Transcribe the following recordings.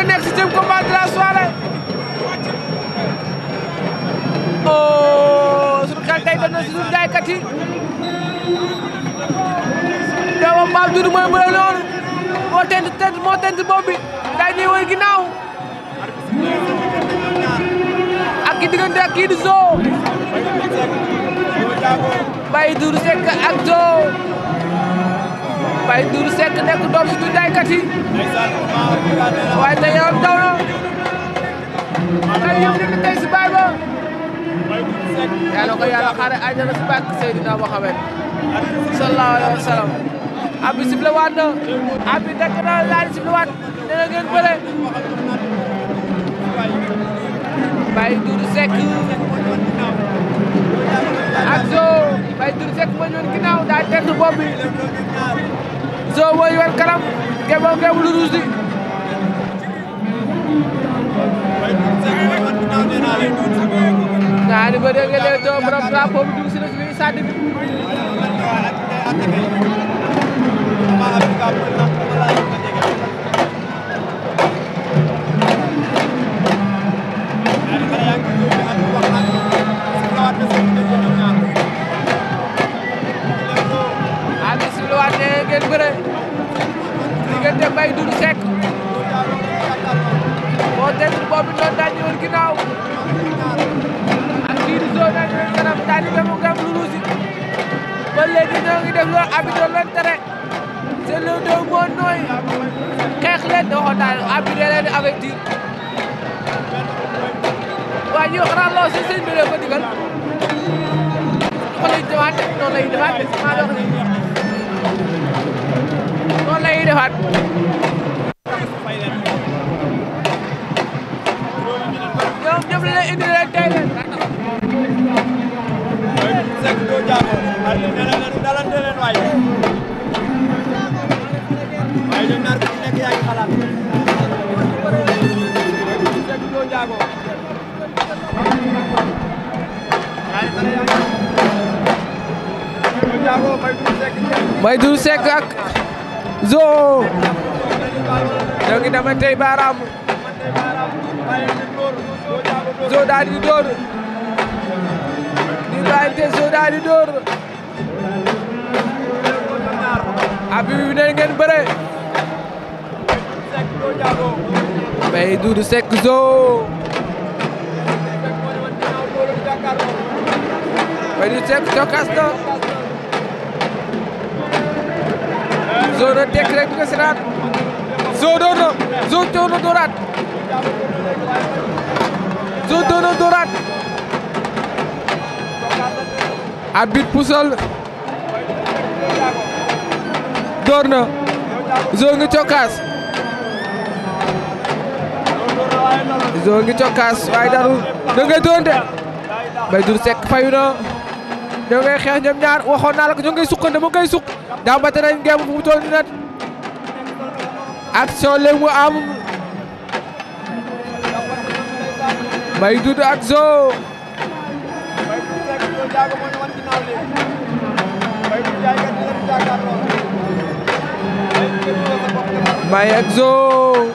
mooy nekk septième combat de la soirée oh suñu xel day doon na suñu jaaykat yi doomu Pape Doudou mooy bëre loolu moo tent tent moo tent bopp bi day ñuy woy ginnaaw ak ki diggante ak kii di Zo Baye Doudou Seck ak Zo waaye Doudou Seck nekk doom ci waaye tey yow daw na tey yow nekk tey baay ba yàlla ko yàlla xaare àjjana si bàkk Seydina Mohamed sallallahu alayhi wa sallam abi waat na abi dakk na laal sifle waat nee na ngeen bëre Baye Doudou Seck ak Zo Baye Doudou Seck ma ñoon ginnaaw daa tedd bopp Zo mooy wer kanam ngeen moom ngeen lu ruus ñaari ba dégg leen doo borom drapeau bi dugg si na si biir Doudou Seck boo déglu boobu noonu daa ñëwoon ginnaaw ak kii di zone daa ñëwoon kanam daal di dem gam lu ruusi ba léegi ñoo ngi def loolu arbitre doon leen tere seen le deux moo nooy xeex leen da waxoon daal arbitre leen di avertir waaye yow xanaa lool si sëñ bi la ko digal xool yi jëwaat noonu lay defaat maa doon defaat ñoom ñëpp la indi leen tey leen sek do jaago ar ne leen dalante leen waay waay ñoom ñaar ku nekk yaa ngi xalaat sek do jaago Mbaye Doudou Seck ak Zo ñoo ngi dama tey baaraam Zo di door di raayante Zo daal di door abi bi ne ngeen bëre Mbaye Doudou Seck Zo Mbaye Doudou Seck na Zodo décret bi nga siraat Zodo do Zodo do doraat Zodo do doraat arbitre na Zodo ngi cokkaas Zodo ngi cokkaas waaye daru da ngay doonte Mbaye Dour Seck fayu na ñoo ngay xeex ñoom ñaar waxoon naa la ko ñoo ngay sukkande moo ngay sukk dambata nañ ngeem fu mu toll nii nag action léegi mu am may dudd ak zoo may ak zoo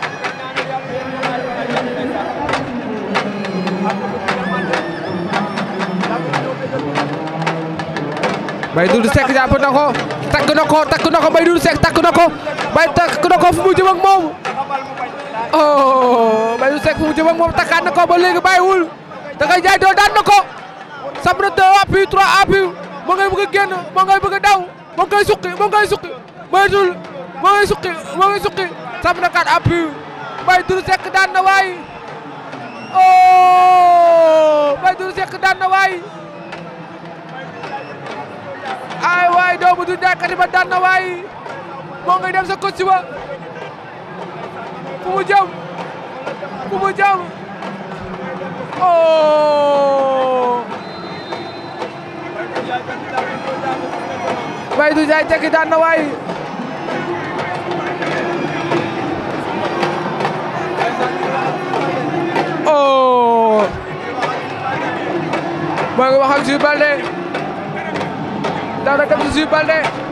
may dudd sekk jàpp ko takk na ko takk na ko Mbaye Doudou takk na ko takk na fu mu jëm moom oh Mbaye Doudou Seck fu mu jëm moom takkaat na ko ba léegi bàyyiwul da ngay jaay doon daan na ko sab na deux appui moo ngay bëgg a génn moo ngay bëgg a daw moo ngay suqi moo ngay suqi moytul moo ngay suqi moo ngay suqi sab na quatre daan na waay oh Mbaye Doudou Seck daan na waay oh, ay waay doomu du dakkati ba daan na waay moo ngay dem sa coach ba fu mu jëm fu mu jëm oh waay du jaay tekki daan na waay oh moo ngi wax ak Jules Baldé daanaka Jules Balde